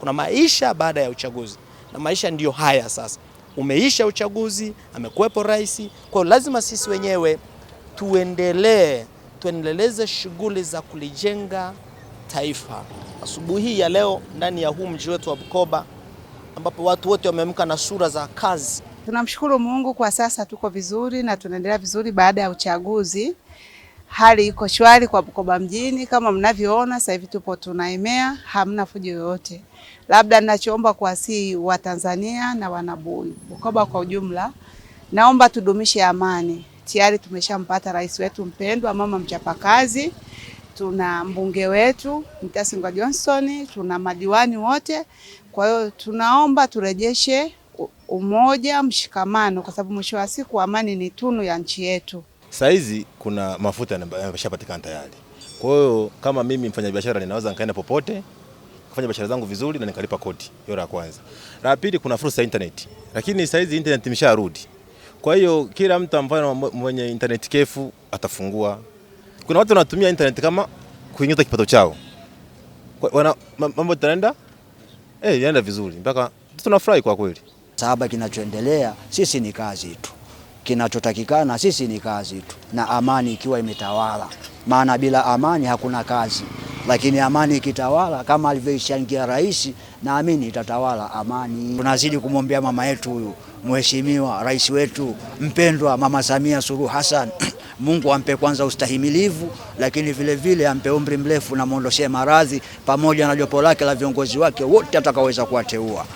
Kuna maisha baada ya uchaguzi na maisha ndiyo haya sasa. Umeisha uchaguzi, amekuwepo rais. Kwa hiyo lazima sisi wenyewe tuendelee, tuendeleze shughuli za kulijenga taifa. Asubuhi ya leo ndani ya huu mji wetu wa Bukoba, ambapo watu wote wameamka na sura za kazi. Tunamshukuru Mungu kwa sasa tuko vizuri na tunaendelea vizuri baada ya uchaguzi. Hali iko shwari kwa Bukoba mjini kama mnavyoona sasa hivi tupo tunaemea, hamna fujo yoyote. Labda ninachoomba kuwasihi Watanzania na wanabuyu Bukoba kwa ujumla, naomba tudumishe amani. Tayari tumeshampata rais wetu mpendwa, mama mchapakazi, tuna mbunge wetu Mtasingwa Johnson, tuna madiwani wote. Kwa hiyo tunaomba turejeshe umoja, mshikamano, kwa sababu mwisho wa siku amani ni tunu ya nchi yetu saizi kuna mafuta yameshapatikana tayari. Kwa hiyo kama mimi mfanyabiashara ninaweza nikaenda popote kufanya biashara zangu vizuri na nikalipa kodi. Hiyo la kwanza. La pili kuna fursa ya internet. Lakini saizi internet imesharudi. Kwa hiyo kila mtu ambaye mwenye internet kefu atafungua. Kuna watu wanatumia internet kama kuingiza kipato chao. Wana mambo yanaenda eh, yanaenda vizuri mpaka tunafurahi kwa kweli. Sababu kinachoendelea sisi ni kazi tu. Kinachotakikana sisi ni kazi tu na amani ikiwa imetawala, maana bila amani hakuna kazi. Lakini amani ikitawala kama alivyoishangia rais, naamini itatawala amani. Tunazidi kumwombea mama yetu huyu mheshimiwa rais wetu mpendwa Mama Samia Suluhu Hassan Mungu ampe kwanza ustahimilivu, lakini vile vile ampe umri mrefu na mwondoshee maradhi, pamoja na jopo lake la viongozi wake wote atakaoweza kuwateua.